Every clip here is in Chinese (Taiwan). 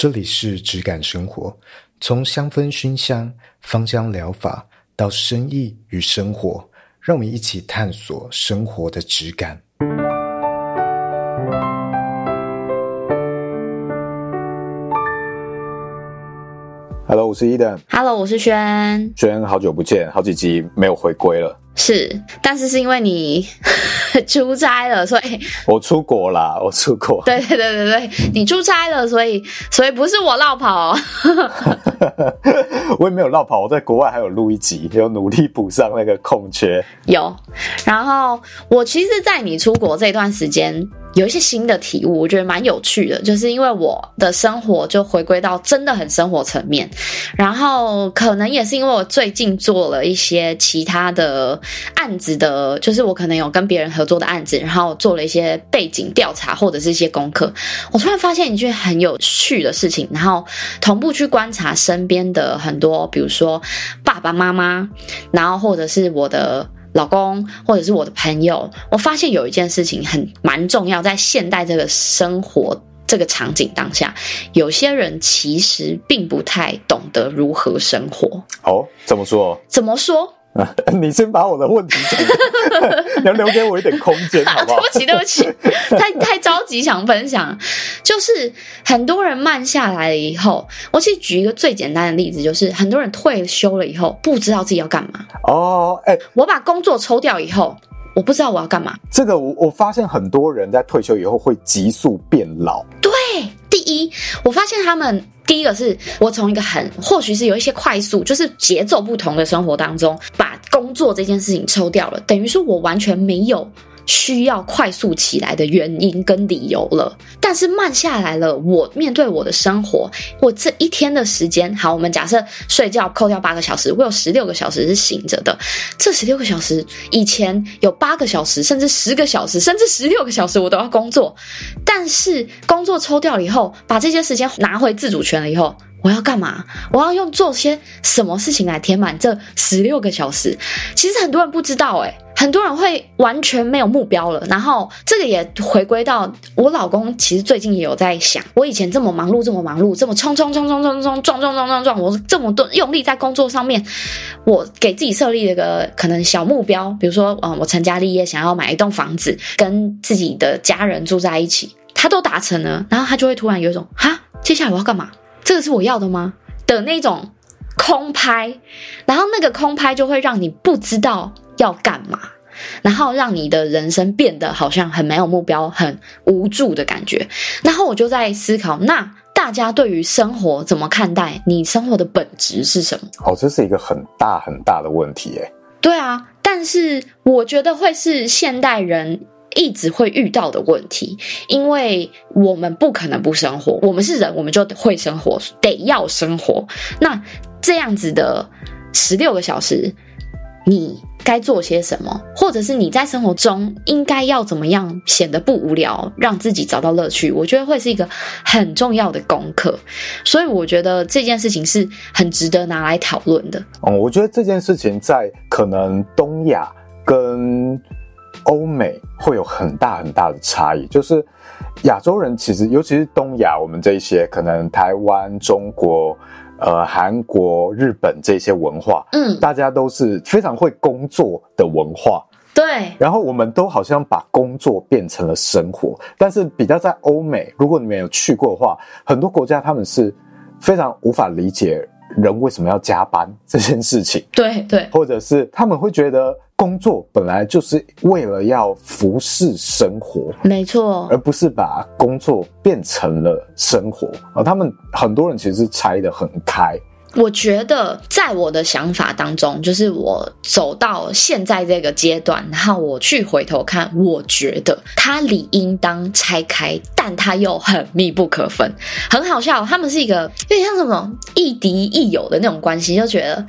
這裡是質感生活，從香氛熏香、芳香療法到生意與生活，讓我們一起探索生活的質感。Hello，我是伊登。Hello，我是軒。軒，好久不見，好幾集沒有回歸了。是，但是是因為你呵呵出差了，所以我出國啦，我出國。對對對對對，你出差了， 所以所以不是我落跑。 我也沒有落跑，我在國外還有錄一集，有努力補上那個空缺。有，然後我其實，在你出國這段時間，有一些新的體悟，我覺得蠻有趣的，就是因為我的生活就回歸到真的很生活層面，然後可能也是因為我最近做了一些其他的案子的，就是我可能有跟別人合作的案子，然後做了一些背景調查或者是一些功課，我突然發現一件很有趣的事情，然後同步去觀察身邊的很多，比如說爸爸媽媽，然後或者是我的。老公，或者是我的朋友，我發現有一件事情很蠻重要，在現代這個生活這個場景當下，有些人其實並不太懂得如何生活。哦，怎麼說？怎麼說？啊，你先把我的問題講，能 留給我一點空間 好不好、啊？對不起，對不起，太太着急想分享，就是很多人慢下來了以後，我其實舉一個最簡單的例子，就是很多人退休了以後，不知道自己要幹嘛。哦、欸，我把工作抽掉以後，我不知道我要幹嘛。這個我我發現很多人在退休以後會急速變老。對，第一，我發現他們。第一個是我從一個很，或許是有一些快速，就是節奏不同的生活當中，把工作這件事情抽掉了，等於說我完全沒有，需要快速起來的原因跟理由了，但是慢下來了。我面對我的生活，我這一天的時間，好，我們假設睡覺扣掉八個小時，我有十六個小時是醒着的。這十六個小時以前有八個小時，甚至十個小時，甚至十六個小時，我都要工作。但是工作抽掉了以後，把這些時間拿回自主權了以後。我要幹嘛？我要用做些什麼事情來填滿這十六個小時？其實很多人不知道、欸，誒，很多人會完全沒有目標了。然後這個也回歸到我老公，其實最近也有在想，我以前這麼忙碌，這麼忙碌，這麼衝衝衝衝衝衝撞，撞撞撞撞撞，我這麼多用力在工作上面，我給自己設立了個可能小目標，比如說，嗯、呃，我成家立業，想要買一棟房子，跟自己的家人住在一起，他都達成了，然後他就會突然有一種，哈，接下來我要幹嘛？這個是我要的嗎？的那種空拍，然後那個空拍就會讓你不知道要幹嘛，然後讓你的人生變得好像很沒有目標、很無助的感覺。然後我就在思考，那大家對於生活怎麼看待？你生活的本質是什麼？哦，這是一個很大很大的問題，誒。對啊，但是我覺得會是現代人。一直會遇到的問題，因為我們不可能不生活，我們是人，我們就會生活，得要生活。那這樣子的十六個小時，你該做些什麼？或者是你在生活中應該要怎麼樣顯得不無聊，讓自己找到樂趣。我覺得會是一個很重要的功課。所以我覺得這件事情是很值得拿來討論的。嗯，我覺得這件事情在可能東亞跟。歐美會有很大很大的差異，就是亞洲人，其實尤其是東亞，我們這一些可能台灣、中國、呃韓國、日本這些文化，嗯，大家都是非常會工作的文化，對。然後我們都好像把工作變成了生活，但是比較在歐美，如果你沒有去過的話，很多國家他們是非常無法理解人為什麼要加班這件事情，對對，或者是他們會覺得。工作本來就是為了要服侍生活，沒錯，而不是把工作變成了生活而、哦、他們很多人其實是拆的很開。我覺得在我的想法當中，就是我走到現在這個階段，然後我去回頭看，我覺得它理應當拆開，但它又很密不可分。很好笑，他們是一個有點像什麼亦敵亦友的那種關係，就覺得。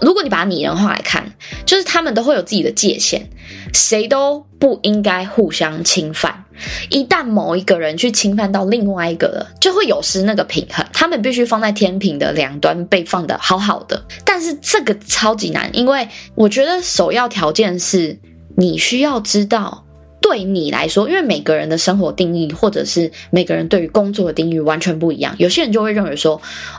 如果你把它擬人化來看，就是他們都會有自己的界限，誰都不應該互相侵犯。一旦某一個人去侵犯到另外一個了，就會有失那個平衡。他們必須放在天平的兩端，被放的好好的。但是這個超級難，因為我覺得首要條件是你需要知道。對你來說，因為每個人的生活定義，或者是每個人對於工作的定義完全不一樣。有些人就會認為說，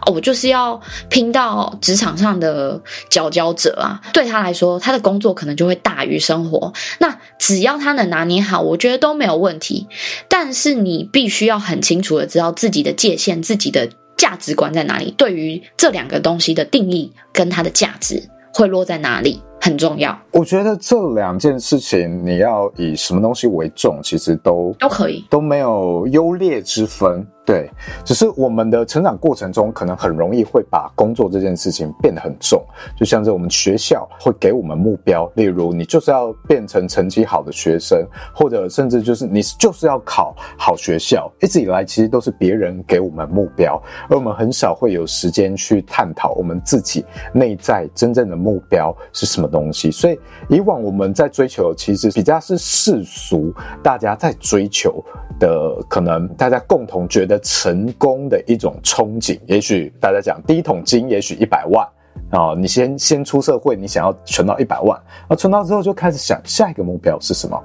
哦，我就是要拼到職場上的佼佼者啊。對他來說，他的工作可能就會大於生活。那只要他能拿捏好，我覺得都沒有問題。但是你必須要很清楚的知道自己的界限、自己的價值觀在哪裡。對於這兩個東西的定義跟它的價值會落在哪裡。很重要。我覺得這兩件事情，你要以什麼東西為重，其實都都可以，都沒有優劣之分。對，只是我們的成長過程中，可能很容易會把工作這件事情變得很重。就像是我們學校會給我們目標，例如你就是要變成成績好的學生，或者甚至就是你就是要考好學校。一直以來，其實都是別人給我們目標，而我們很少會有時間去探討我們自己內在真正的目標是什麼。東西，所以以往我們在追求，其實比較是世俗，大家在追求的，可能大家共同覺得成功的一種憧憬。也許大家講第一桶金，也許一百萬啊，你先先出社會，你想要存到一百萬，那、啊、存到之後就開始想下一個目標是什麼？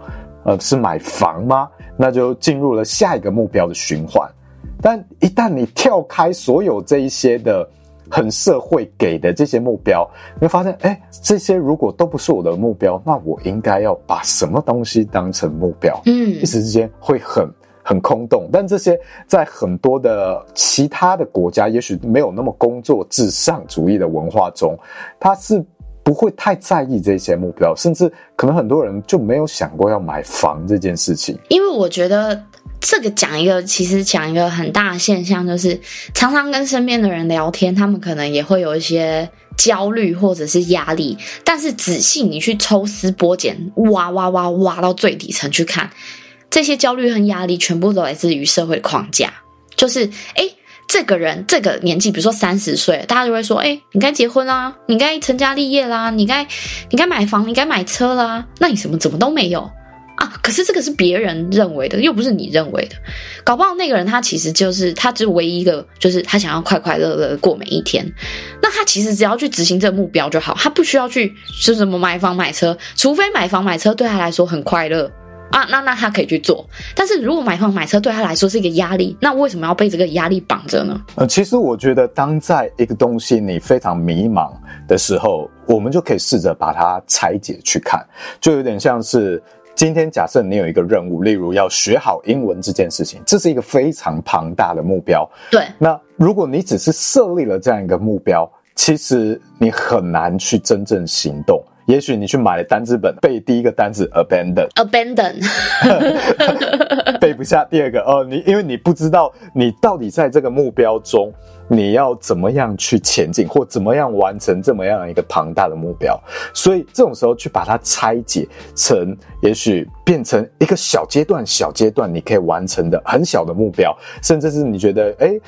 呃，是買房嗎？那就進入了下一個目標的循環。但一旦你跳開所有這一些的。很社會給的這些目標，你會發現，誒，這些如果都不是我的目標，那我應該要把什麼東西當成目標？嗯，一時之間會很很空洞。但這些在很多的其他的國家，也許沒有那麼工作至上主義的文化中，他是不會太在意這些目標，甚至可能很多人就沒有想過要買房這件事情。因為我覺得。這個講一個，其實講一個很大的現象，就是常常跟身邊的人聊天，他們可能也會有一些焦慮或者是壓力。但是仔細你去抽絲剝繭，挖挖挖挖到最底層去看，這些焦慮和壓力全部都來自於社會的框架。就是，哎，這個人這個年紀，比如說三十歲，大家就會說，哎，你該結婚啦，你該成家立業啦，你該你該買房，你該買車啦。那你什麼怎麼都沒有？可是這個是別人認為的，又不是你認為的。搞不好那個人他其實就是他，只唯一一個就是他想要快快樂樂過每一天。那他其實只要去執行這個目標就好，他不需要去說什麼買房買車，除非買房買車對他來說很快樂啊。那那他可以去做。但是如果買房買車對他來說是一個壓力，那為什麼要被這個壓力綁着呢？呃，其實我覺得，當在一個東西你非常迷茫的時候，我們就可以試着把它拆解去看，就有點像是。今天假設你有一個任務，例如要學好英文這件事情，這是一個非常龐大的目標。對，那如果你只是設立了這樣一個目標，其實你很難去真正行動。也許你去買了單字本，背第一個單字 abandon，abandon 背不下第二個哦、呃，你因為你不知道你到底在這個目標中。你要怎麼樣去前進，或怎麼樣完成這麼樣一個龐大的目標？所以這種時候去把它拆解成，也許變成一個小階段、小階段你可以完成的很小的目標，甚至是你覺得誒、欸、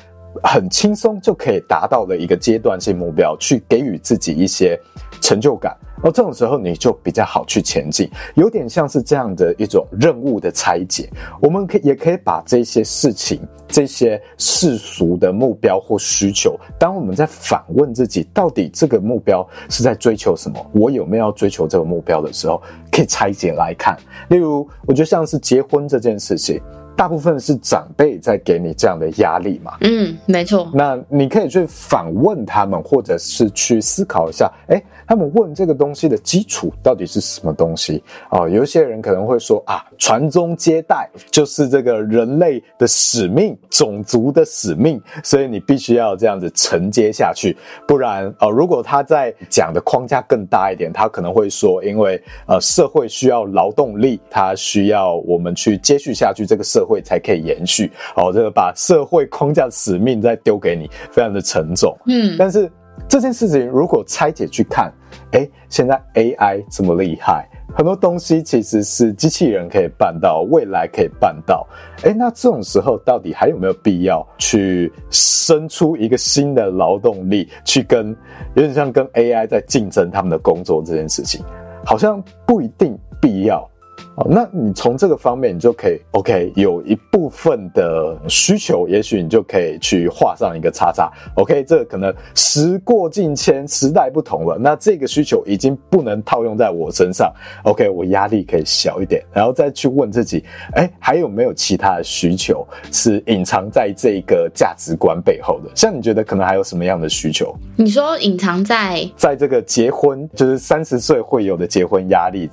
很輕鬆就可以達到的一個階段性目標，去給予自己一些。成就感，而、哦、這種時候你就比較好去前進，有點像是這樣的一種任務的拆解。我們可以也可以把這些事情、這些世俗的目標或需求，當我們在反問自己，到底這個目標是在追求什麼，我有沒有要追求這個目標的時候，可以拆解來看。例如，我覺得像是結婚這件事情。大部分是長輩在給你這樣的壓力嘛？嗯，沒錯。那你可以去反問他們，或者是去思考一下，哎，他們問這個東西的基礎到底是什麼東西哦、呃，有一些人可能會說啊，傳宗接代就是這個人類的使命，種族的使命，所以你必須要這樣子承接下去，不然啊、呃，如果他在講的框架更大一點，他可能會說，因為呃，社會需要勞動力，他需要我們去接續下去這個社會。會才可以延續，好，這個把社會框架的使命再丟給你，非常的沉重。嗯，但是這件事情如果拆解去看，誒，現在 AI 這麼厲害，很多東西其實是機器人可以辦到，未來可以辦到。誒，那這種時候到底還有沒有必要去生出一個新的勞動力去跟有點像跟 AI 在競爭他們的工作這件事情，好像不一定必要。哦，那你從這個方面，你就可以 OK，有一部分的需求，也許你就可以去畫上一個叉叉。OK，這可能時過境遷，時代不同了，那這個需求已經不能套用在我身上。OK，我壓力可以小一點，然後再去問自己，哎、欸，還有沒有其他的需求是隱藏在這個價值觀背後的？像你覺得可能還有什麼樣的需求？你說隱藏在在這個結婚，就是三十歲會有的結婚壓力。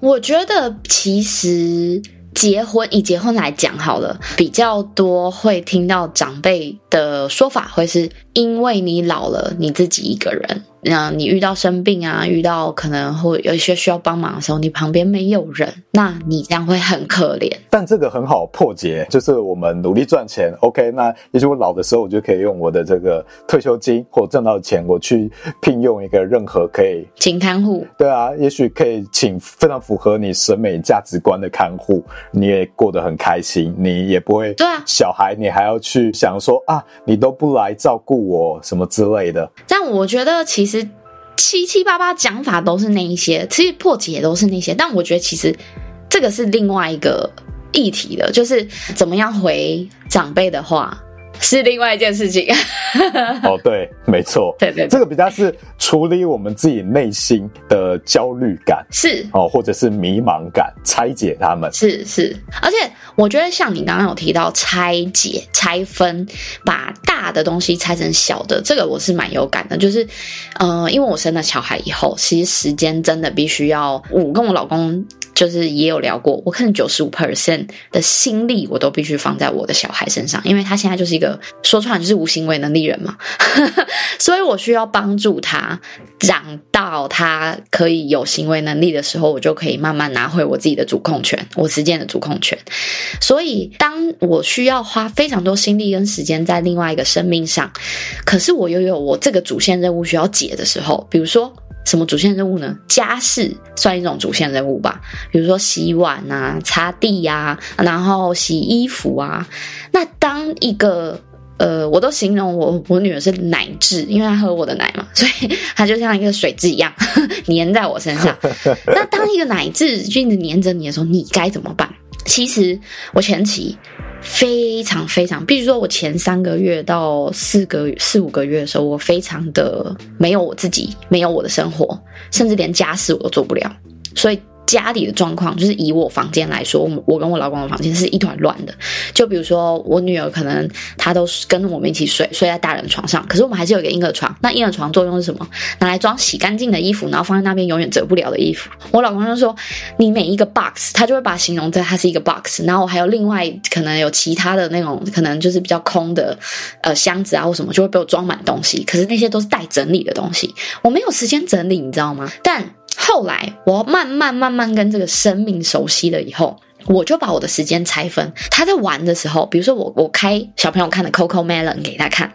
我覺得其實結婚，以結婚來講好了，比較多會聽到長輩的說法會是因為你老了，你自己一個人，那你遇到生病啊，遇到可能會有一些需要幫忙的時候，你旁邊沒有人，那你這樣會很可憐。但這個很好破解，就是我們努力賺錢，OK，那也許我老的時候，我就可以用我的這個退休金或者，掙到的錢，我去聘用一個任何可以請看護，對啊，也許可以請非常符合你審美價值觀的看護，你也過得很開心，你也不會，對啊，小孩你還要去想說啊。你都不來照顧我什麼之類的，但我覺得其實七七八八講法都是那一些，其實破解也都是那些，但我覺得其實這個是另外一個議題的，就是怎麼樣回長輩的話。是另外一件事情。哦，對，沒錯， 對對，對，這個比較是處理我們自己內心的焦慮感， 是哦，或者是迷茫感，拆解他們。是是，而且我覺得像你剛剛有提到拆解、拆分，把大的東西拆成小的，這個我是蠻有感的。就是，嗯、呃，因為我生了小孩以後，其實時間真的必須要我跟我老公。就是也有聊過，我可能九十五 percent 的心力，我都必須放在我的小孩身上，因為他現在就是一個說穿了就是無行為能力人嘛，呵呵，所以我需要幫助他長到他可以有行為能力的時候，我就可以慢慢拿回我自己的主控權，我時間的主控權。所以當我需要花非常多心力跟時間在另外一個生命上，可是我又有，有我這個主線任務需要解的時候，比如說。什麼主線任務呢？家事算一種主線任務吧，比如說洗碗啊、擦地呀、啊，然後洗衣服啊。那當一個呃，我都形容我我女兒是奶蛭，因為她喝我的奶嘛，所以她就像一個水蛭一樣粘在我身上。 那當一個奶蛭一直粘着你的時候，你該怎麼辦？其實我前期。非常非常，比如說我前三個月到四個四五個月的時候，我非常的沒有我自己，沒有我的生活，甚至連家事我都做不了，所以。家裡的狀況就是以我房間來說，我我跟我老公的房間是一團亂的。就比如說，我女兒可能她都跟我們一起睡，睡在大人床上，可是我們還是有一個嬰兒床。那嬰兒床作用是什麼？拿來裝洗乾淨的衣服，然後放在那邊永遠折不了的衣服。我老公就說，你每一個 box，他就會把形容在它是一個 box。然後我還有另外可能有其他的那種，可能就是比較空的呃箱子啊或什麼，就會被我裝滿東西。可是那些都是待整理的東西，我沒有時間整理，你知道嗎？但。後來，我慢慢慢慢跟這個生命熟悉了以後，我就把我的時間拆分。他在玩的時候，比如說我我開小朋友看的 Coco Melon 給他看，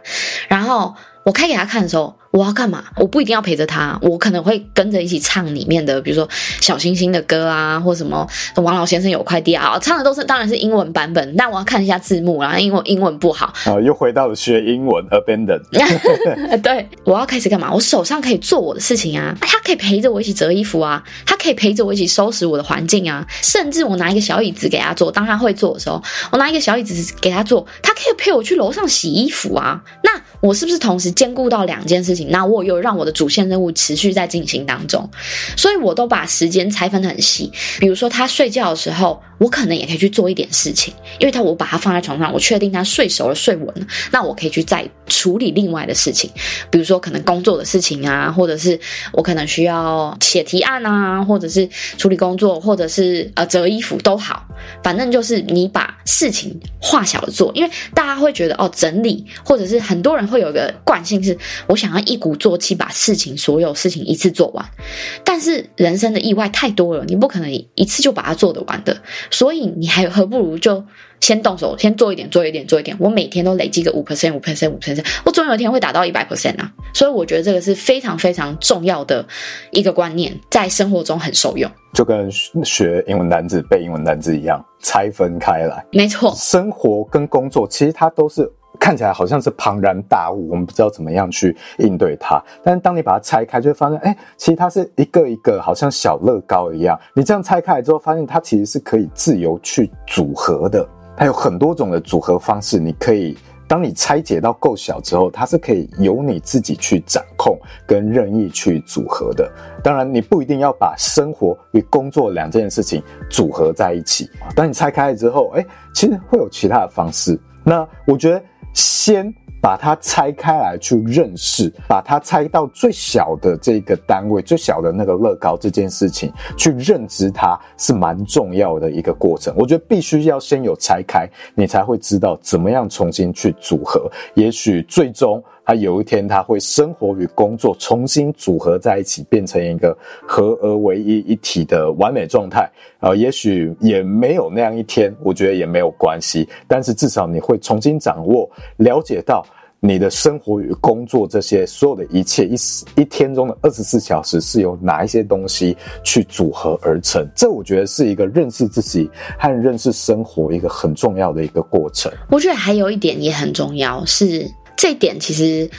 然後我開給他看的時候，我要幹嘛？我不一定要陪着他，我可能會跟着一起唱裡面的，比如說小星星的歌啊，或什麼王老先生有塊地啊，唱的都是當然是英文版本。那我要看一下字幕啦，然後因為英文不好，啊、哦，又回到了學英文。Abandon。 對，我要開始幹嘛？我手上可以做我的事情啊，他可以陪着我一起折衣服啊，他可以陪着我一起收拾我的環境啊，甚至我拿一個小椅子給他坐，當他會坐的時候，我拿一個小椅子給他坐，他可以陪我去樓上洗衣服啊。那。我是不是同時兼顧到兩件事情？那我又讓我的主線任務持續在進行當中，所以我都把時間拆分的很細。比如說他睡覺的時候，我可能也可以去做一點事情，因為他，我把他放在床上，我確定他睡熟了、睡穩了。那我可以去再處理另外的事情，比如說可能工作的事情啊，或者是我可能需要寫提案啊，或者是處理工作，或者是呃折衣服都好，反正就是你把事情化小了做，因為大家會覺得哦整理，或者是很多人。會有一個慣性，是我想要一鼓作氣把事情所有事情一次做完，但是人生的意外太多了，你不可能一次就把它做得完的，所以你還有何不如就先動手，先做一點，做一點，做一點。我每天都累積個五 percent，五 percent，五 percent，我總有一天會達到一百 percent 啊，所以我覺得這個是非常非常重要的一個觀念，在生活中很受用，就跟學英文單字背英文單字一樣，拆分開來。沒錯，生活跟工作其實它都是。看起來好像是龐然大物，我們不知道怎麼樣去應對它。但是當你把它拆開，就會發現，哎、欸，其實它是一個一個，好像小樂高一樣。你這樣拆開來之後，發現它其實是可以自由去組合的。它有很多種的組合方式。你可以，當你拆解到夠小之後，它是可以由你自己去掌控跟任意去組合的。當然，你不一定要把生活與工作兩件事情組合在一起。當你拆開了之後，哎、欸，其實會有其他的方式。那我覺得。先把它拆開來去認識，把它拆到最小的這個單位，最小的那個樂高這件事情去認知它，它是蠻重要的一個過程。我覺得必須要先有拆開，你才會知道怎麼樣重新去組合。也許最終。他有一天他會生活與工作重新組合在一起，變成一個合而為一一體的完美狀態。呃，也許也沒有那樣一天，我覺得也沒有關係。但是至少你會重新掌握、了解到你的生活與工作這些所有的一切，一一天中的二十四小時是由哪一些東西去組合而成。這我覺得是一個認識自己和認識生活一個很重要的一個過程。我覺得還有一點也很重要，是。這一點其實，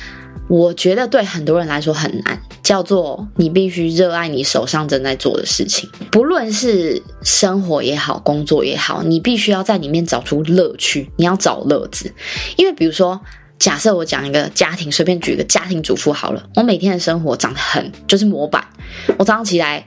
我覺得對很多人來說很難，叫做你必須熱愛你手上正在做的事情，不論是生活也好，工作也好，你必須要在裡面找出樂趣，你要找樂子。因為比如說，假設我講一個家庭，隨便舉一個家庭主婦好了，我每天的生活長得很就是模板，我早上起來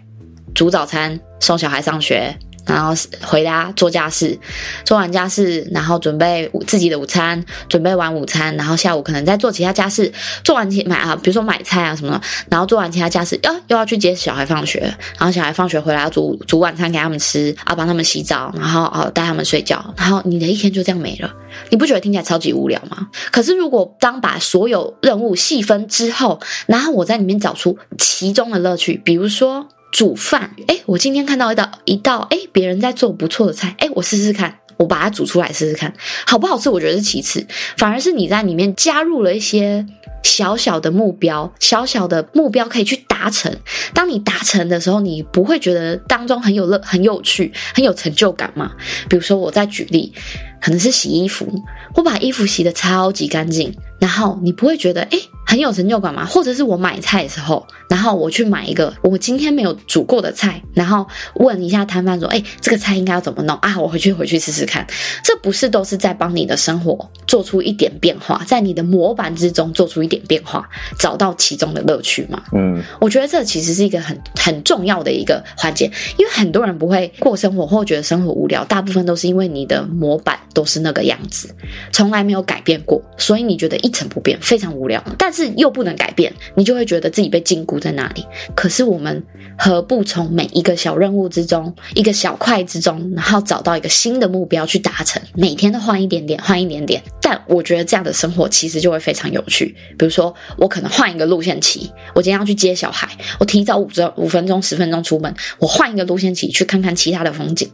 煮早餐，送小孩上學。然後回家做家事，做完家事，然後準備自己的午餐，準備完午餐，然後下午可能再做其他家事，做完前買啊，比如說買菜啊什麼的，然後做完其他家事，啊，又要去接小孩放學，然後小孩放學回來要煮煮晚餐給他們吃，啊，幫他們洗澡，然後啊，帶他們睡覺，然後你的一天就這樣沒了，你不覺得聽起來超級無聊嗎？可是如果當把所有任務細分之後，然後我在裡面找出其中的樂趣，比如說。煮飯，哎，我今天看到一道一道，哎，別人在做不錯的菜，哎，我試試看，我把它煮出來試試看，好不好吃？我覺得是其次，反而是你在裡面加入了一些小小的目標，小小的目標可以去達成。當你達成的時候，你不會覺得當中很有樂、很有趣、很有成就感嗎？比如說，我在舉例，可能是洗衣服，我把衣服洗得超級乾淨，然後你不會覺得，哎？很有成就感嗎？或者是我買菜的時候，然後我去買一個我今天沒有煮過的菜，然後問一下攤販說：“哎、欸，這個菜應該要怎麼弄啊？”我回去回去試試看。這不是都是在幫你的生活做出一點變化，在你的模板之中做出一點變化，找到其中的樂趣嗎？嗯，我覺得這其實是一個很很重要的一個環節，因為很多人不會過生活，或覺得生活無聊，大部分都是因為你的模板都是那個樣子，從來沒有改變過，所以你覺得一成不變，非常無聊。但是又不能改變，你就會覺得自己被禁錮在那裡。可是我們何不從每一個小任務之中，一個小塊之中，然後找到一個新的目標去達成？每天都換一點點，換一點點。但我覺得這樣的生活其實就會非常有趣。比如說，我可能換一個路線騎，我今天要去接小孩，我提早五分五分鐘、十分鐘出門，我換一個路線騎，去看看其他的風景，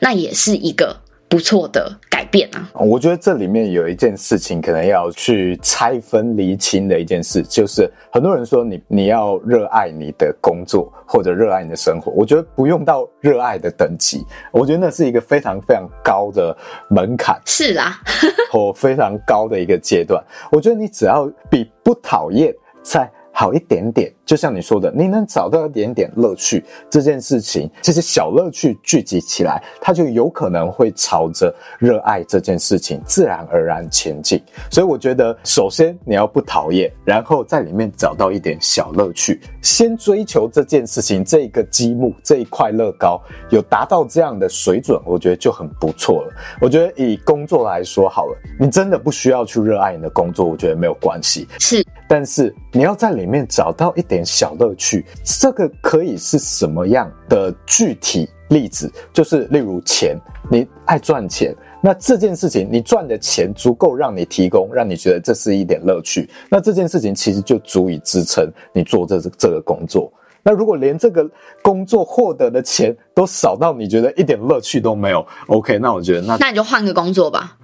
那也是一個。不錯的改變啊！我覺得這裡面有一件事情可能要去拆分釐清的一件事，就是很多人說，你你要熱愛你的工作或者熱愛你的生活，我覺得不用到熱愛的等級，我覺得那是一個非常非常高的門檻。是啦、啊， 和非常高的一個階段。我覺得你只要比不討厭再好一點點。就像你說的，你能找到一點點樂趣，這件事情，這些小樂趣聚集起來，它就有可能會朝着熱愛這件事情自然而然前進。所以我覺得，首先你要不討厭，然後在裡面找到一點小樂趣，先追求這件事情，這個積木，這一塊樂高，有達到這樣的水準，我覺得就很不錯了。我覺得以工作來說好了，你真的不需要去熱愛你的工作，我覺得沒有關係。是，但是你要在裡面找到一點。點小樂趣，這個可以是什麼樣的具體例子？就是例如錢，你愛賺錢，那這件事情你賺的錢足夠讓你提供，讓你覺得這是一點樂趣，那這件事情其實就足以支撐你做這這個工作。那如果連這個工作獲得的錢都少到你覺得一點樂趣都沒有，OK？那我覺得那那你就換個工作吧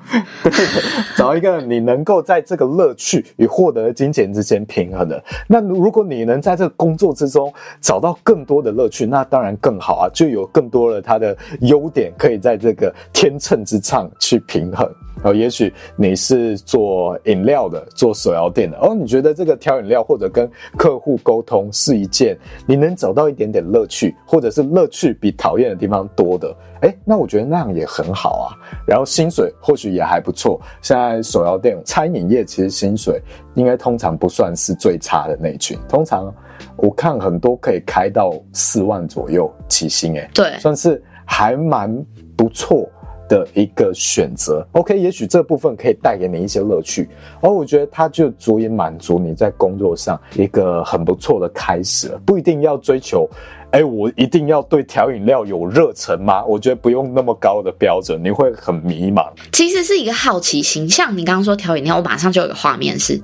，找一個你能夠在這個樂趣與獲得的金錢之間平衡的。那如果你能在這個工作之中找到更多的樂趣，那當然更好啊，就有更多的它的優點可以在這個天秤之上去平衡。哦，也許你是做飲料的，做手搖店的，哦，你覺得這個調飲料或者跟客戶溝通是一件。你能找到一點點樂趣，或者是樂趣比討厭的地方多的，誒、欸、那我覺得那樣也很好啊。然後薪水或許也還不錯。現在手搖店餐飲業其實薪水應該通常不算是最差的那一群。通常我看很多可以開到四萬左右起薪、欸，誒對，算是還蠻不錯的一個選擇，OK，也許這部分可以帶給你一些樂趣，而、oh, 我覺得它就足以滿足你在工作上一個很不錯的開始了，不一定要追求，哎、欸，我一定要對調飲料有熱忱嗎？我覺得不用那麼高的標準，你會很迷茫。其實是一個好奇心，像你剛剛說調飲料，我馬上就有個畫面是，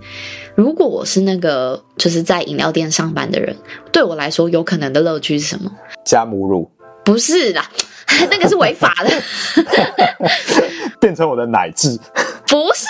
如果我是那個就是在飲料店上班的人，對我來說，有可能的樂趣是什麼？加母乳？不是啦。 那個是違法的 變成我的奶製 ，不是？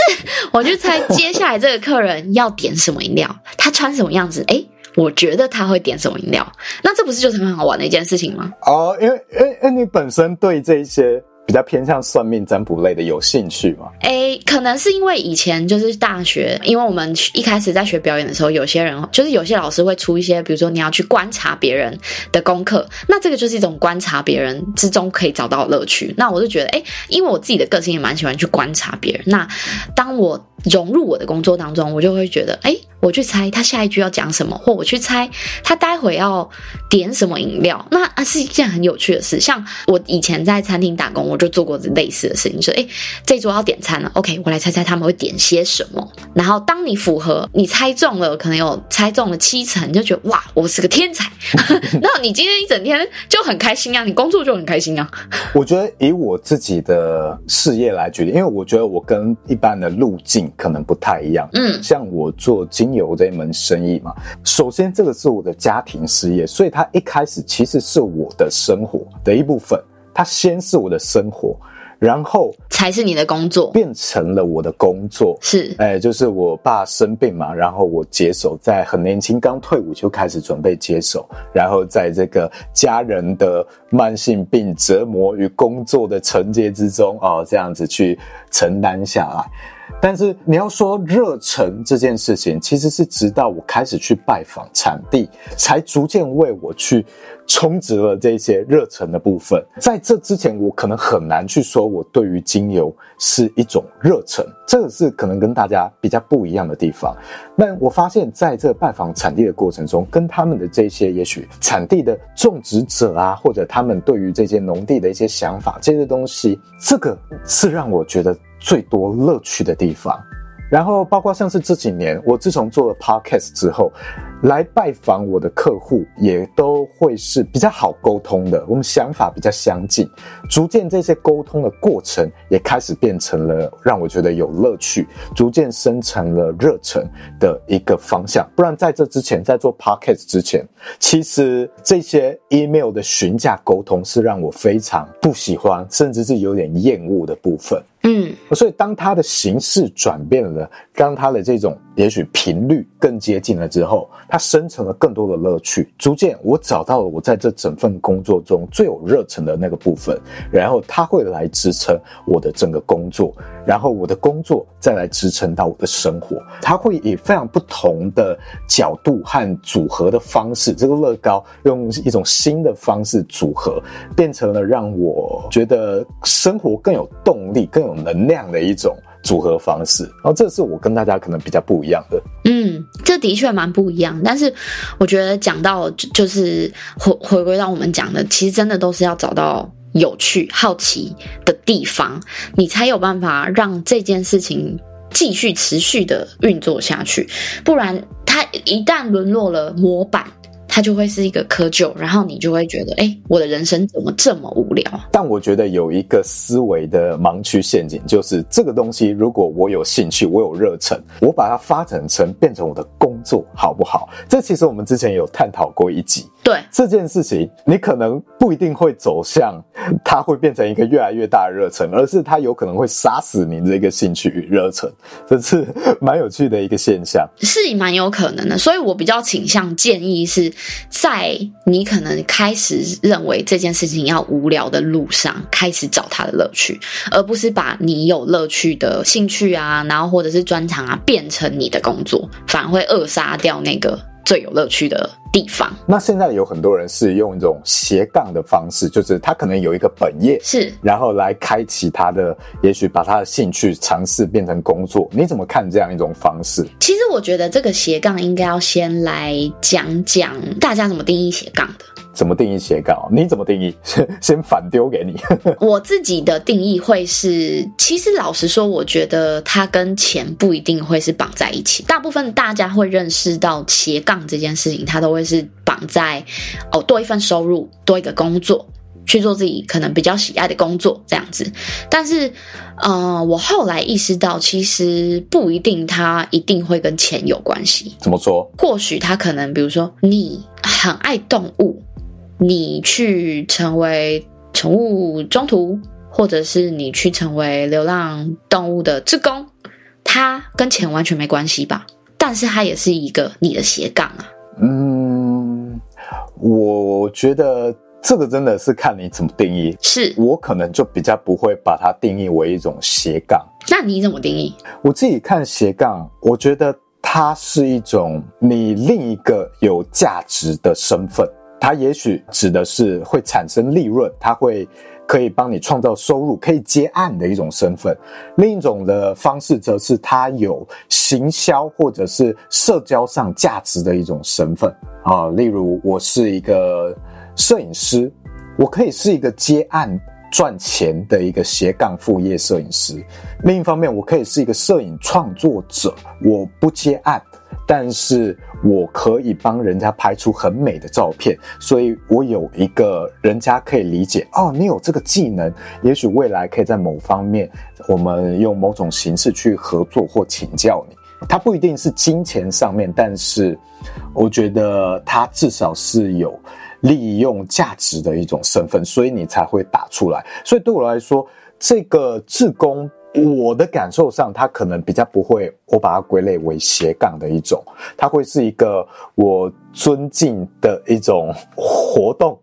我就猜接下來這個客人要點什麼飲料，他穿什麼樣子？哎、欸，我覺得他會點什麼飲料？那這不是就是很好玩的一件事情嗎？哦，因為，因為，因為，你本身對這一些。比較偏向算命占卜類的，有興趣嗎？哎、欸，可能是因為以前就是大學，因為我們一開始在學表演的時候，有些人，就是有些老師會出一些，比如說你要去觀察別人的功課，那這個就是一種觀察別人之中可以找到樂趣。那我就覺得，哎、欸，因為我自己的個性也蠻喜歡去觀察別人。那當我。融入我的工作當中，我就會覺得，哎，我去猜他下一句要講什麼，或我去猜他待會要點什麼飲料，那啊是一件很有趣的事。像我以前在餐廳打工，我就做過類似的事情，說，哎，這桌要點餐了，OK，我來猜猜他們會點些什麼。然後當你符合，你猜中了，可能有猜中了七成，你就覺得哇，我是個天才。那 你今天一整天就很開心啊，你工作就很開心啊。我覺得以我自己的事業來舉例，因為我覺得我跟一般的路徑。可能不太一樣，嗯，像我做精油這一門生意嘛、嗯，首先這個是我的家庭事業，所以它一開始其實是我的生活的一部分，它先是我的生活，然後才是你的工作，變成了我的工作，是，哎、欸，就是我爸生病嘛，然後我接手，在很年輕剛退伍就開始準備接手，然後在這個家人的慢性病折磨與工作的承接之中，哦，這樣子去承擔下來。但是你要說熱忱這件事情，其實是直到我開始去拜訪產地，才逐漸為我去充值了這些熱忱的部分。在這之前，我可能很難去說我對於精油是一種熱忱，這個是可能跟大家比較不一樣的地方。那我發現，在這拜訪產地的過程中，跟他們的這些也許產地的種植者啊，或者他們對於這些農地的一些想法，這些東西，這個是讓我覺得最多樂趣的地方，然後包括像是這幾年，我自從做了 podcast 之後。來拜訪我的客戶也都會是比較好溝通的，我們想法比較相近。逐漸這些溝通的過程也開始變成了讓我覺得有樂趣，逐漸生成了熱忱的一個方向。不然在這之前，在做 podcast 之前，其實這些 email 的詢價溝通是讓我非常不喜歡，甚至是有點厭惡的部分。嗯，所以當它的形式轉變了，當它的這種。也許頻率更接近了之後，它生成了更多的樂趣。逐漸，我找到了我在這整份工作中最有熱忱的那個部分，然後它會來支撐我的整個工作，然後我的工作再來支撐到我的生活。它會以非常不同的角度和組合的方式，這個樂高用一種新的方式組合，變成了讓我覺得生活更有動力、更有能量的一種。組合方式，然後這是我跟大家可能比較不一樣的。嗯，這的確蠻不一樣，但是我覺得講到就、就是回回歸到我們講的，其實真的都是要找到有趣、好奇的地方，你才有辦法讓這件事情繼續持續的運作下去。不然，它一旦淪落了模板。它就會是一個窠臼，然後你就會覺得，哎、欸，我的人生怎麼這麼無聊啊？但我覺得有一個思維的盲區陷阱，就是這個東西，如果我有興趣，我有熱忱，我把它發展成變成我的工作，好不好？這其實我們之前有探討過一集。對這件事情，你可能不一定會走向它會變成一個越來越大的熱忱，而是它有可能會殺死你這個興趣與熱忱。這是蠻有趣的一個現象，是蠻有可能的。所以我比較傾向建議是，在你可能開始認為這件事情要無聊的路上，開始找它的樂趣，而不是把你有樂趣的興趣啊，然後或者是專長啊，變成你的工作，反而會扼殺掉那個。最有樂趣的地方。那現在有很多人是用一種斜槓的方式，就是他可能有一個本業，是，然後來開啟他的，也許把他的興趣嘗試變成工作。你怎麼看這樣一種方式？其實我覺得這個斜槓應該要先來講講大家怎麼定義斜槓的。怎麼定義斜槓？你怎麼定義？先先反丟給你。我自己的定義會是，其實老實說，我覺得它跟錢不一定會是綁在一起。大部分大家會認識到斜槓這件事情，它都會是綁在哦，多一份收入，多一個工作，去做自己可能比較喜愛的工作這樣子。但是，嗯、呃，我後來意識到，其實不一定它一定會跟錢有關係。怎麼說？或許它可能，比如說，你很愛動物。你去成為寵物中途，或者是你去成為流浪動物的志工，它跟錢完全沒關係吧？但是它也是一個你的斜槓啊。嗯，我覺得這個真的是看你怎麼定義。是，我可能就比較不會把它定義為一種斜槓。那你怎麼定義？我自己看斜槓，我覺得它是一種你另一個有價值的身份。它也許指的是會產生利潤，它會可以幫你創造收入、可以接案的一種身份。另一種的方式則是它有行銷或者是社交上價值的一種身份啊、呃。例如，我是一個攝影師，我可以是一個接案賺錢的一個斜槓副業攝影師。另一方面，我可以是一個攝影創作者，我不接案，但是。我可以幫人家拍出很美的照片，所以我有一個人家可以理解哦，你有這個技能，也許未來可以在某方面，我們用某種形式去合作或請教你。它不一定是金錢上面，但是我覺得它至少是有利用價值的一種身份，所以你才會打出來。所以對我來說，這個志工。我的感受上，他可能比較不會，我把它歸類為斜槓的一種，他會是一個我尊敬的一種活動。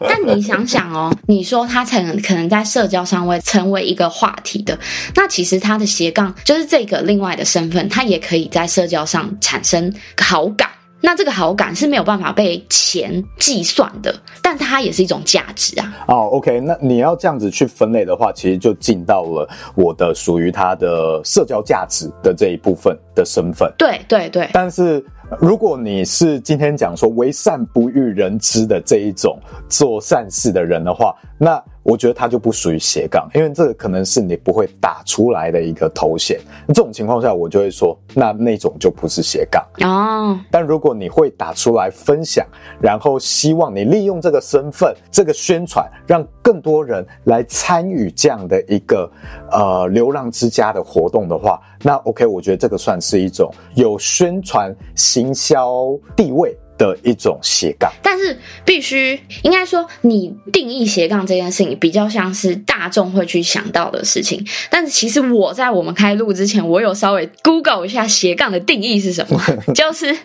那你想想哦， 你說他成可能在社交上會成為一個話題的，那其實他的斜槓就是這個另外的身份，他也可以在社交上產生好感。那這個好感是沒有辦法被錢計算的，但是它也是一種價值啊。哦，OK，那你要這樣子去分類的話，其實就進到了我的屬於它的社交價值的這一部分的身份。對對對。但是如果你是今天講說為善不欲人知的這一種做善事的人的話，那。我覺得它就不屬於斜槓，因為這個可能是你不會打出來的一個頭銜。這種情況下，我就會說，那那種就不是斜槓啊。Oh. 但如果你會打出來分享，然後希望你利用這個身份、這個宣傳，讓更多人來參與這樣的一個呃流浪之家的活動的話，那 OK，我覺得這個算是一種有宣傳行銷地位。的一種斜槓，但是必須，應該說，你定義斜槓這件事情比較像是大眾會去想到的事情。但是其實我在我們開錄之前，我有稍微 Google 一下斜槓的定義是什麼？ 就是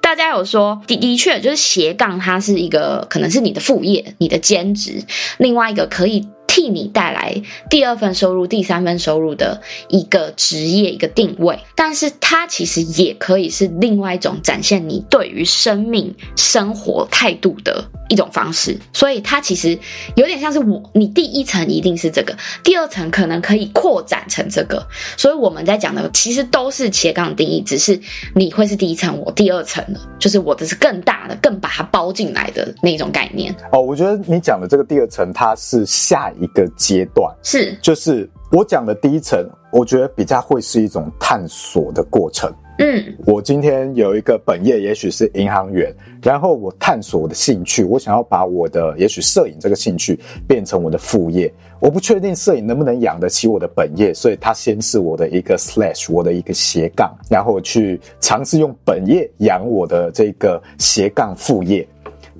大家有說的的確就是斜槓，它是一個可能是你的副業、你的兼職，另外一個可以。替你帶來第二份收入、第三份收入的一個職業、一個定位，但是它其實也可以是另外一種展現你對於生命、生活態度的一種方式。所以它其實有點像是我，你第一層一定是這個，第二層可能可以擴展成這個。所以我們在講的其實都是斜槓定義，只是你會是第一層，我第二層了，就是我的是更大的、更把它包進來的那種概念。哦，我覺得你講的這個第二層，它是下一。一個階段是，就是我講的第一層，我覺得比較會是一種探索的過程。嗯，我今天有一個本業，也許是銀行員，然後我探索我的興趣，我想要把我的也許攝影這個興趣變成我的副業。我不確定攝影能不能養得起我的本業，所以它先是我的一個 slash，我的一個斜槓，然後去嘗試用本業養我的這個斜槓副業。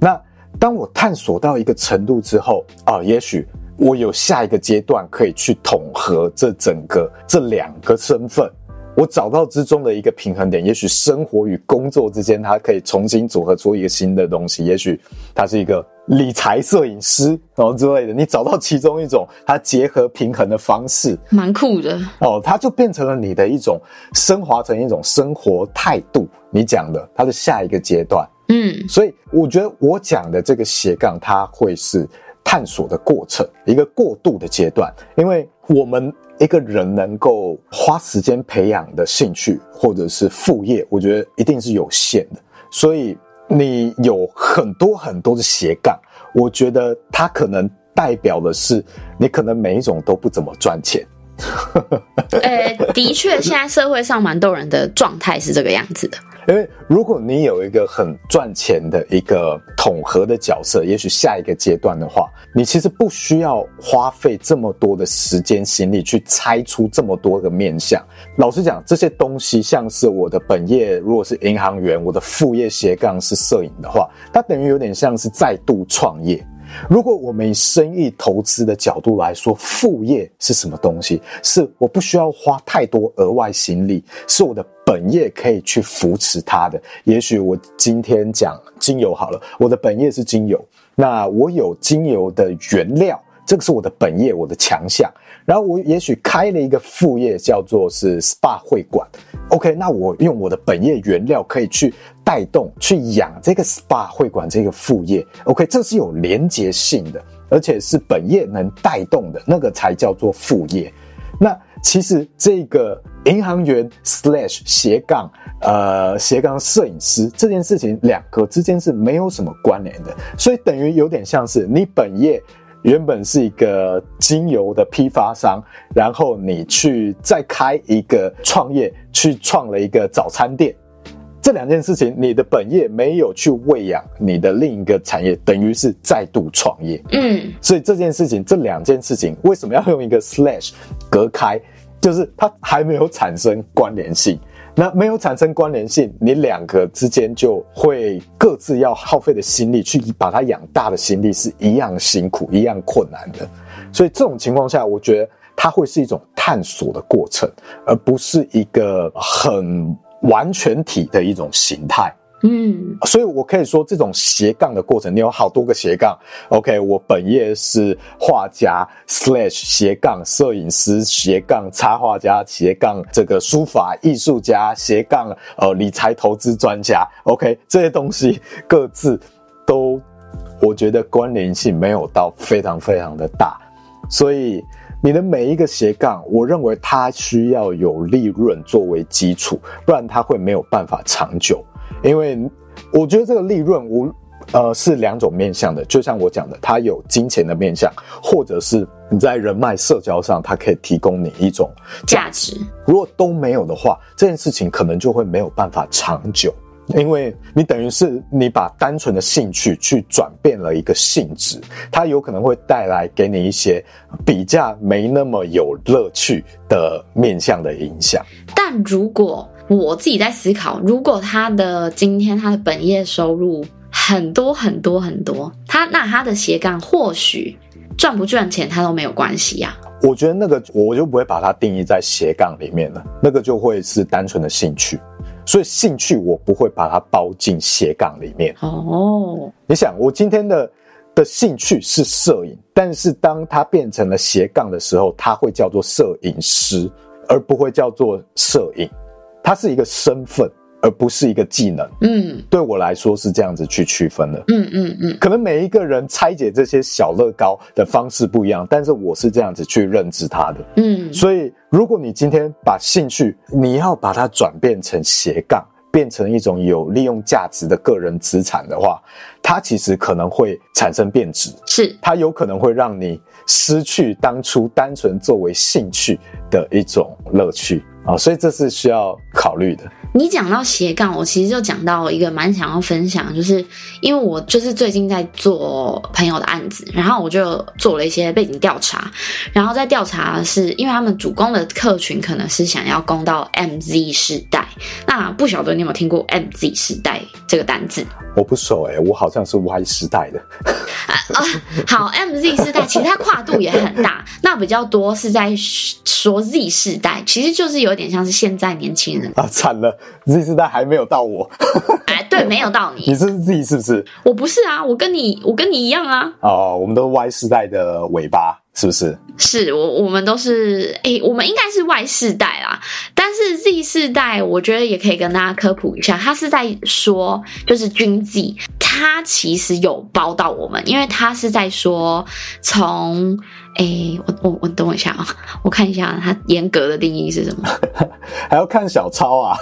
那當我探索到一個程度之後啊，也許。我有下一個階段可以去統合這整個這兩個身份，我找到之中的一個平衡點。也許生活與工作之間，它可以重新組合出一個新的東西。也許它是一個理財攝影師，然後之類的。你找到其中一種它結合平衡的方式，蠻酷的哦。它就變成了你的一種，升華成一種生活態度。你講的，它的下一個階段，嗯。所以我覺得我講的這個斜槓，它會是。探索的過程，一個過渡的階段，因為我們一個人能夠花時間培養的興趣或者是副業，我覺得一定是有限的。所以你有很多很多的斜槓，我覺得它可能代表的是你可能每一種都不怎麼賺錢。呃、 欸，的確，現在社會上蠻多人的狀態是這個樣子的。因為如果你有一個很賺錢的一個統合的角色，也許下一個階段的話，你其實不需要花費這麼多的時間心力去拆出這麼多的面向。老實講，這些東西像是我的本業，如果是銀行員，我的副業斜槓是攝影的話，它等於有點像是再度創業。如果我們以生意投資的角度來說，副業是什麼東西？是我不需要花太多額外心力，是我的本業可以去扶持它的。也許我今天講精油好了，我的本業是精油，那我有精油的原料，這個是我的本業，我的強項。然後我也許開了一個副業，叫做是 SPA 會館。OK，那我用我的本業原料可以去。帶動去養這個 SPA 會館這個副業，OK，這是有連結性的，而且是本業能帶動的那個才叫做副業。那其實這個銀行員 slash 斜槓，呃，斜槓攝影師這件事情，兩個之間是沒有什麼關聯的，所以等於有點像是你本業原本是一個精油的批發商，然後你去再開一個創業，去創了一個早餐店。這兩件事情，你的本業沒有去餵養你的另一個產業，等於是再度創業。嗯，所以這件事情，這兩件事情為什麼要用一個 slash 隔開？就是它還沒有產生關聯性。那沒有產生關聯性，你兩個之間就會各自要耗費的心力去把它養大的心力是一樣辛苦、一樣困難的。所以這種情況下，我覺得它會是一種探索的過程，而不是一個很。完全體的一種形態，嗯，所以我可以說，這種斜槓的過程，你有好多個斜槓。OK，我本業是畫家 slash 斜槓攝影師斜槓插畫家斜槓這個書法藝術家斜槓呃理財投資專家。OK，這些東西各自都，我覺得關聯性沒有到非常非常的大，所以。你的每一個斜槓，我認為它需要有利潤作為基礎，不然它會沒有辦法長久。因為我覺得這個利潤，無呃是兩種面向的，就像我講的，它有金錢的面向，或者是你在人脈社交上，它可以提供你一種價值，價值。如果都沒有的話，這件事情可能就會沒有辦法長久。因為你等於是你把單純的興趣去轉變了一個性質，它有可能會帶來給你一些比較沒那麼有樂趣的面向的影響。但如果我自己在思考，如果他的今天他的本業收入很多很多很多，他那他的斜槓或許賺不賺錢他都沒有關係呀、啊。我覺得那個我就不會把它定義在斜槓裡面了，那個就會是單純的興趣。所以興趣我不會把它包進斜槓裡面。哦，你想，我今天的的興趣是攝影，但是當它變成了斜槓的時候，它會叫做攝影師，而不會叫做攝影。它是一個身份。而不是一個技能，嗯，對我來說是這樣子去區分的，嗯嗯嗯，可能每一個人拆解這些小樂高的方式不一樣，但是我是這樣子去認知它的，嗯，所以如果你今天把興趣，你要把它轉變成斜槓，變成一種有利用價值的個人資產的話，它其實可能會產生變質，是，它有可能會讓你失去當初單純作為興趣的一種樂趣啊，所以這是需要考慮的。你講到斜槓，我其實就講到一個蠻想要分享，就是因為我就是最近在做朋友的案子，然後我就做了一些背景調查，然後在調查的是因為他們主攻的客群可能是想要攻到 MZ 世代。那不曉得你有沒有聽過 MZ 世代這個單字？我不熟誒、欸、我好像是 Y 世代的。 啊，啊，好，MZ 世代其實它跨度也很大， 那比較多是在說 Z 世代，其實就是有點像是現在年輕人啊，慘了，Z 世代還沒有到我。哎、 啊，對，沒有到你。你是 Z 是不是？我不是啊，我跟你我跟你一樣啊。哦、啊，我們都是 Y 世代的尾巴。是不是？是我我們都是誒、欸，我們應該是 Y 世代啦。但是 Z 世代，我覺得也可以跟大家科普一下，他是在說就是軍紀，他其實有包到我們，因為他是在說從。哎、欸，我我我等我一下啊，我看一下它、啊、嚴格的定義是什麼， 還要看小抄啊？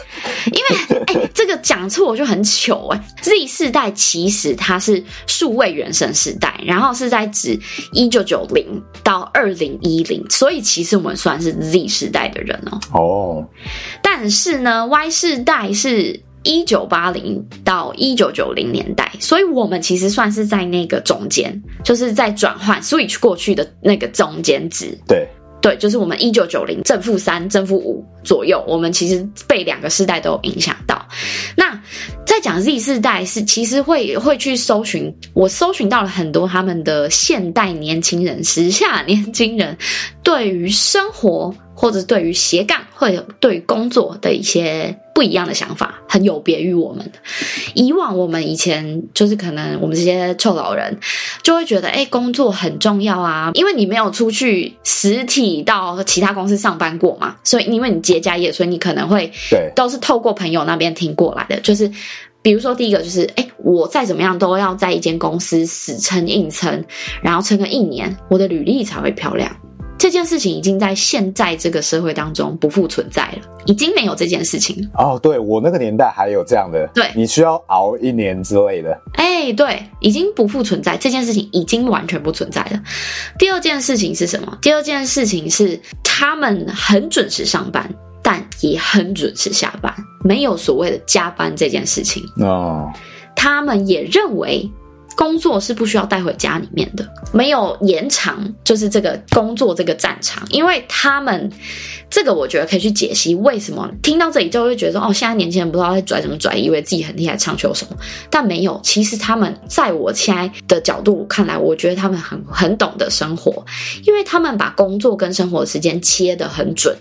因為哎，欸、 這個講錯我就很糗哎、欸。Z 世代其實它是數位原生世代，然後是在指一九九零到二零一零，所以其實我們算是 Z 世代的人哦、喔。哦、oh，但是呢，Y 世代是。一九八零到一九九零年代，所以我們其實算是在那個中間，就是在轉換 switch 過去的那個中間值。對對，就是我們一九九零正負三、正負五左右，我們其實被兩個世代都影響到。那在講 Z 世代是，是其實會會去搜尋，我搜尋到了很多他們的現代年輕人、時下年輕人對於生活。或者是對於斜槓，或者對於工作的一些不一樣的想法，很有別於我們以往。我們以前就是可能我們這些臭老人，就會覺得哎、欸，工作很重要啊，因為你沒有出去實體到其他公司上班過嘛，所以因為你接家業，所以你可能會對都是透過朋友那邊聽過來的。就是比如說第一個就是哎、欸，我再怎麼樣都要在一間公司死撐硬撐，然後撐個一年，我的履歷才會漂亮。這件事情已經在現在這個社會當中不復存在了，已經沒有這件事情。哦，對，我那個年代還有這樣的，對，你需要熬一年之類的。哎，對，已經不復存在，這件事情已經完全不存在了。第二件事情是什麼？第二件事情是他們很準時上班，但也很準時下班，沒有所謂的加班這件事情。哦，他們也認為。工作是不需要帶回家裡面的，沒有延長，就是這個工作這個戰場。因為他們，這個我覺得可以去解析，為什麼聽到這裡就會覺得說，哦，現在年輕人不知道在拽什麼拽，以為自己很厲害、唱秋什麼，但沒有。其實他們在我現在的角度看來，我覺得他們很很懂得生活，因為他們把工作跟生活的時間切得很準，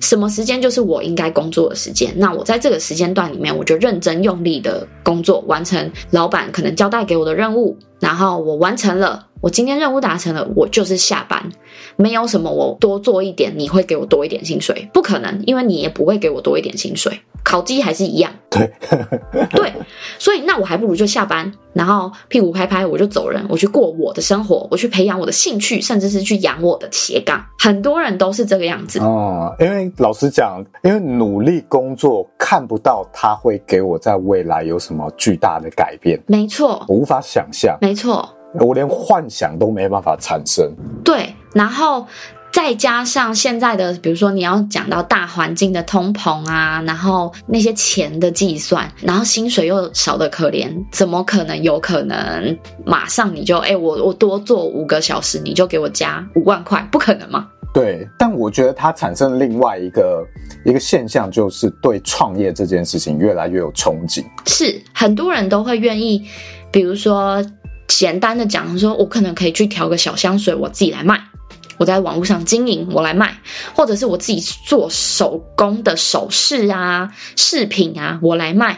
什麼時間就是我應該工作的時間，那我在這個時間段裡面，我就認真用力的工作，完成老闆可能交代給我的任務。不，然後我完成了，我今天任務達成了，我就是下班，沒有什麼，我多做一點，你會給我多一點薪水？不可能，因為你也不會給我多一點薪水。考績還是一樣對對，對 對，所以那我還不如就下班，然後屁股拍拍我就走人，我去過我的生活，我去培養我的興趣，甚至是去養我的斜槓。很多人都是這個樣子。哦，因為老實講，因為努力工作看不到它會給我在未來有什麼巨大的改變，沒錯，我無法想象，沒錯，我連幻想都沒辦法產生。對，然後。再加上現在的，比如說你要講到大環境的通膨啊，然後那些錢的計算，然後薪水又少得可憐，怎麼可能，有可能馬上你就哎、欸，我我多做五個小時你就給我加五萬塊，不可能嗎？對，但我覺得它產生另外一個一個現象，就是對創業這件事情越來越有憧憬，是很多人都會願意，比如說簡單的講說，說我可能可以去調個小香水，我自己來賣。我在網路上經營，我來賣，或者是我自己做手工的首飾啊、飾品啊，我來賣，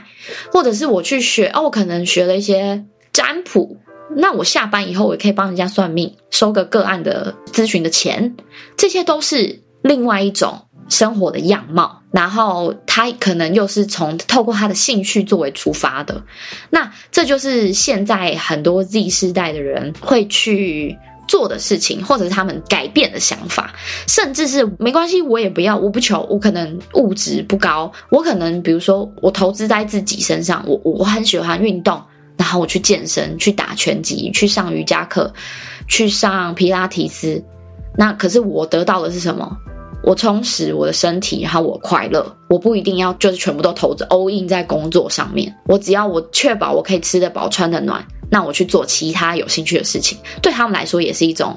或者是我去學，哦，我可能學了一些占卜，那我下班以後，我也可以幫人家算命，收個個案的諮詢的錢，這些都是另外一種生活的樣貌。然後他可能又是從透過他的興趣作為出發的，那這就是現在很多 Z 世代的人會去。做的事情，或者是他們改變的想法，甚至是沒關係，我也不要，我不求，我可能物質不高，我可能比如說我投資在自己身上，我我很喜歡運動，然後我去健身，去打拳擊，去上瑜伽課，去上皮拉提斯，那可是我得到的是什麼？我充實我的身體，然後我快樂。我不一定要就是全部都投資 all in 在工作上面。我只要我確保我可以吃得飽、穿得暖，那我去做其他有興趣的事情。對他們來說也是一種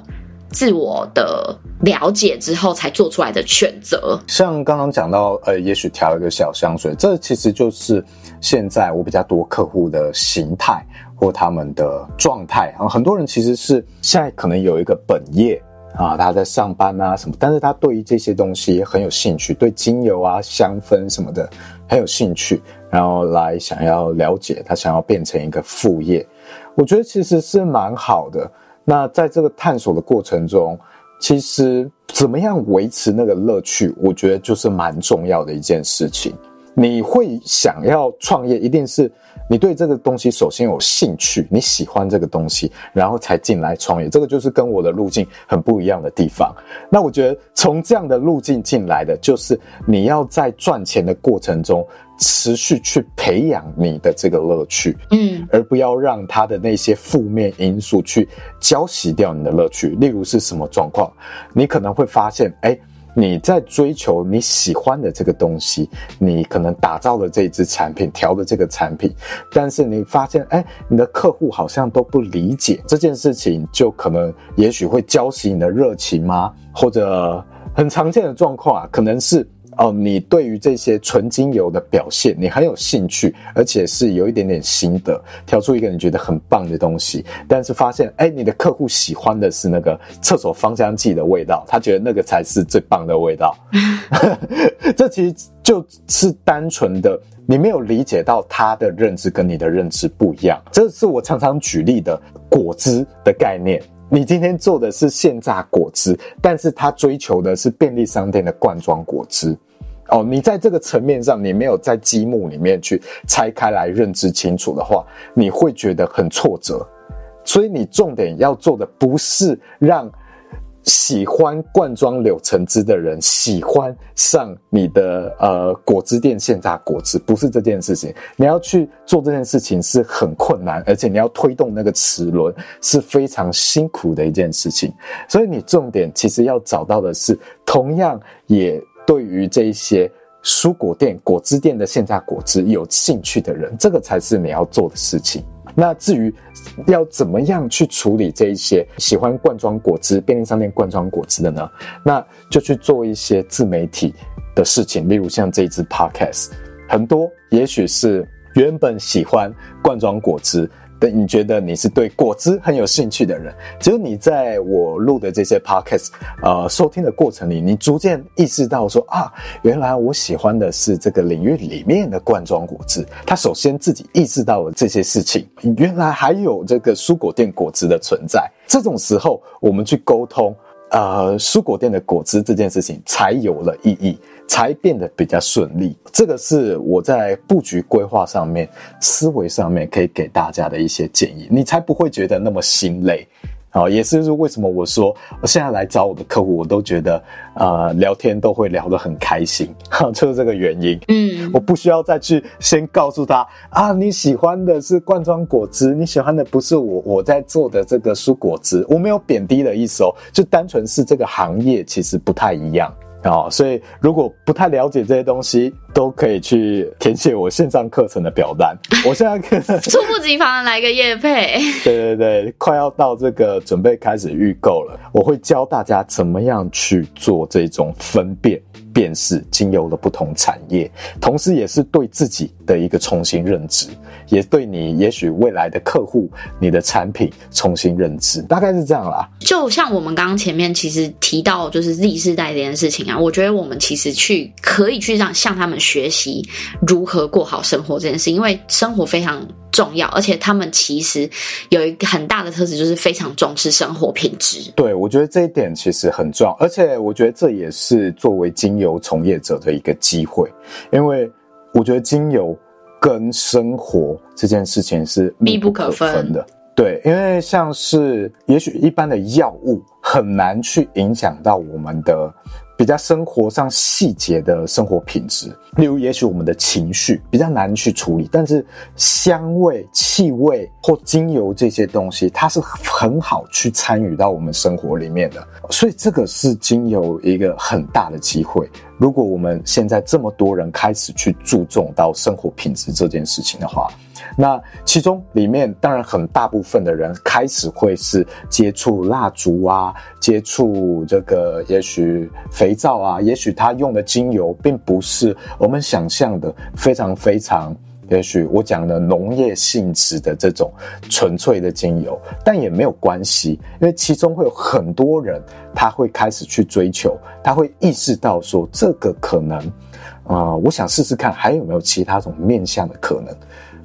自我的了解之後才做出來的選擇。像剛剛講到，呃，也許調一個小香水，這其實就是現在我比較多客戶的形態或他們的狀態。然後，呃，很多人其實是現在可能有一個本業。啊，他在上班啊，什麼，但是他對於這些東西也很有興趣，對精油啊、香氛什麼的很有興趣，然後來想要了解，他想要變成一個副業，我覺得其實是蠻好的。那在這個探索的過程中，其實怎麼樣維持那個樂趣，我覺得就是蠻重要的一件事情。你會想要創業，一定是你對這個東西首先有興趣，你喜歡這個東西，然後才進來創業。這個就是跟我的路徑很不一樣的地方。那我覺得從這樣的路徑進來的，就是你要在賺錢的過程中持續去培養你的這個樂趣，嗯，而不要讓它的那些負面因素去澆熄掉你的樂趣。例如是什麼狀況，你可能會發現，哎。你在追求你喜歡的這個東西，你可能打造了這一支產品，調了這個產品，但是你發現，哎、欸，你的客戶好像都不理解這件事情，就可能也許會澆熄你的熱情嗎？或者很常見的狀況啊，可能是。哦，你對於這些純精油的表現，你很有興趣，而且是有一點點心得，挑出一個你覺得很棒的東西。但是發現，哎、欸，你的客戶喜歡的是那個廁所芳香劑的味道，他覺得那個才是最棒的味道。 這其實就是單純的，你沒有理解到他的認知跟你的認知不一樣。這是我常常舉例的果汁的概念。你今天做的是現榨果汁，但是他追求的是便利商店的罐裝果汁，哦，你在這個層面上，你沒有在積木裡面去拆開來認知清楚的話，你會覺得很挫折，所以你重點要做的不是讓喜歡罐裝柳橙汁的人喜歡上你的呃果汁店、現榨果汁，不是這件事情。你要去做這件事情是很困難，而且你要推動那個齒輪是非常辛苦的一件事情。所以你重點其實要找到的是，同樣也對於這一些蔬果店、果汁店的現榨果汁有興趣的人，這個才是你要做的事情。那至於要怎麼樣去處理這一些喜歡罐裝果汁、便利商店罐裝果汁的呢？那就去做一些自媒體的事情，例如像這一支 Podcast，很多也許是原本喜歡罐裝果汁。你覺得你是對果汁很有興趣的人，只有你在我錄的這些 podcast，呃，收聽的過程裡，你逐漸意識到說啊，原來我喜歡的是這個領域裡面的罐裝果汁。他首先自己意識到了這些事情，原來還有這個蔬果店果汁的存在。這種時候，我們去溝通，呃，蔬果店的果汁這件事情才有了意義。才變得比較順利，這個是我在布局規劃上面，思維上面可以給大家的一些建議，你才不會覺得那麼心累好。哦，也是為什麼我說我現在來找我的客戶，我都覺得呃，聊天都會聊得很開心，哈，就是這個原因。嗯，我不需要再去先告訴他啊，你喜歡的是罐裝果汁，你喜歡的不是我我在做的這個蔬果汁，我沒有貶低的意思哦，就單純是這個行業其實不太一樣。哦，所以如果不太了解這些東西，都可以去填寫我線上課程的表單。我現在可 猝不及防的來個業配。 對對對，快要到這個準備開始預購了，我會教大家怎麼樣去做這種分辨。便是經由了不同產業，同時也是對自己的一個重新認知，也對你也許未來的客戶、你的產品重新認知，大概是這樣啦。就像我們剛剛前面其實提到，就是歷世代這件事情啊，我覺得我們其實去可以去讓向他們學習如何過好生活這件事，因為生活非常重要，而且他們其實有一個很大的特質，就是非常重視生活品質。對，我覺得這一點其實很重要，而且我覺得這也是作為經營。由從業者的一個機會，因為我覺得精油跟生活這件事情是密不可分的。對，因為像是也許一般的藥物很難去影響到我們的。比較生活上細節的生活品質，例如，也許我們的情緒比較難去處理，但是香味、氣味或精油這些東西，它是很好去參與到我們生活裡面的。所以，這個是精油一個很大的機會。如果我們現在這麼多人開始去注重到生活品質這件事情的話，那其中裡面當然很大部分的人開始會是接觸蠟燭啊，接觸這個也許肥皂啊，也許他用的精油並不是我們想象的非常非常，也許我講的農業性質的這種純粹的精油，但也沒有關係，因為其中會有很多人他會開始去追求，他會意識到說這個可能啊、呃，我想試試看還有沒有其他種面向的可能。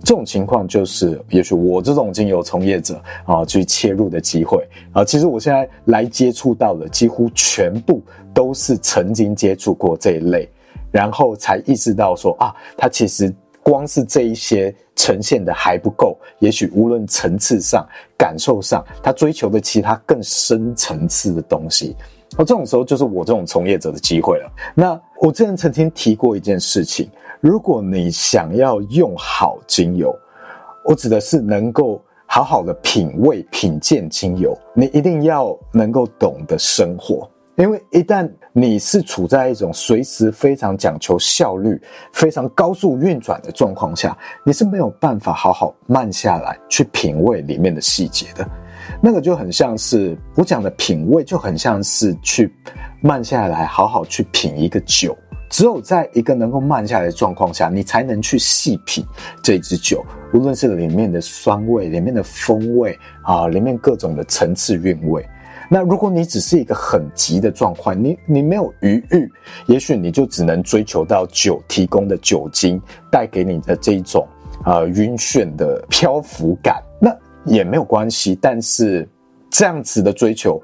這種情況就是，也許我這種精油從業者啊，去切入的機會啊。其實我現在來接觸到的幾乎全部都是曾經接觸過這一類，然後才意識到說啊，他其實光是這一些呈現的還不夠。也許無論層次上、感受上，他追求的其他更深層次的東西。那，啊，這種時候就是我這種從業者的機會了。那我之前曾經提過一件事情。如果你想要用好精油，我指的是能夠好好的品味、品鑒精油，你一定要能夠懂得生活。因為一旦你是處在一種隨時非常講求效率、非常高速運轉的狀況下，你是沒有辦法好好慢下來去品味裡面的細節的。那個就很像是，我講的品味就很像是去慢下來，好好去品一個酒。只有在一個能夠慢下來的狀況下，你才能去細品這支酒，無論是裡面的酸味、裡面的風味啊、呃，裡面各種的層次韻味。那如果你只是一個很急的狀況，你你沒有餘裕，也許你就只能追求到酒提供的酒精帶給你的這種呃暈眩的漂浮感，那也沒有關係。但是這樣子的追求，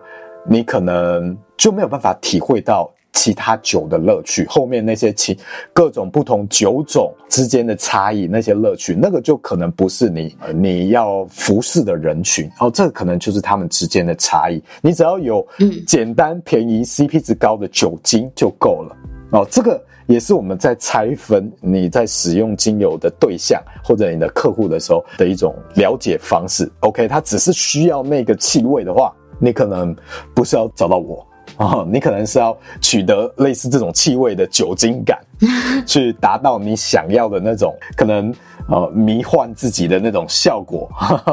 你可能就沒有辦法體會到。其他酒的樂趣，後面那些其各種不同酒種之間的差異，那些樂趣，那個就可能不是你你要服侍的人群哦。這可能就是他們之間的差異。你只要有嗯簡單便宜 CP 值高的酒精就夠了哦。這個也是我們在拆分你在使用精油的對象或者你的客戶的時候的一種了解方式。OK，他只是需要那個氣味的話，你可能不是要找到我。啊、哦，你可能是要取得類似這種氣味的酒精感， 去達到你想要的那種可能，呃，迷幻自己的那種效果。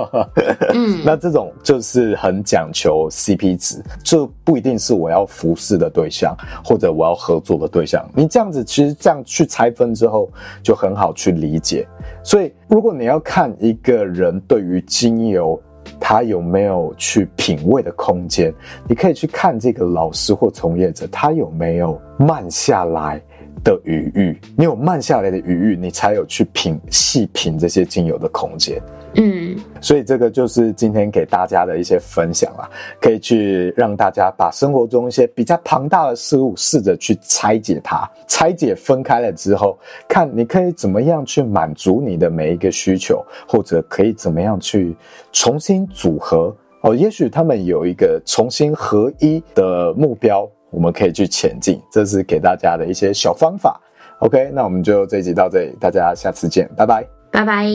嗯，那這種就是很講求 CP 值，就不一定是我要服侍的對象，或者我要合作的對象。你這樣子其實這樣去拆分之後，就很好去理解。所以，如果你要看一個人對於精油，他有沒有去品味的空間？你可以去看這個老師或從業者，他有沒有慢下來的餘裕？你有慢下來的餘裕，你才有去品、細品這些精油的空間。嗯，所以這個就是今天給大家的一些分享了啊，可以去讓大家把生活中一些比較龐大的事物試着去拆解它，拆解分開了之後，看你可以怎麼樣去滿足你的每一個需求，或者可以怎麼樣去重新組合哦。也許他們有一個重新合一的目標，我們可以去前進。這是給大家的一些小方法。OK，那我們就這集到這裡，大家下次見，拜拜，拜拜。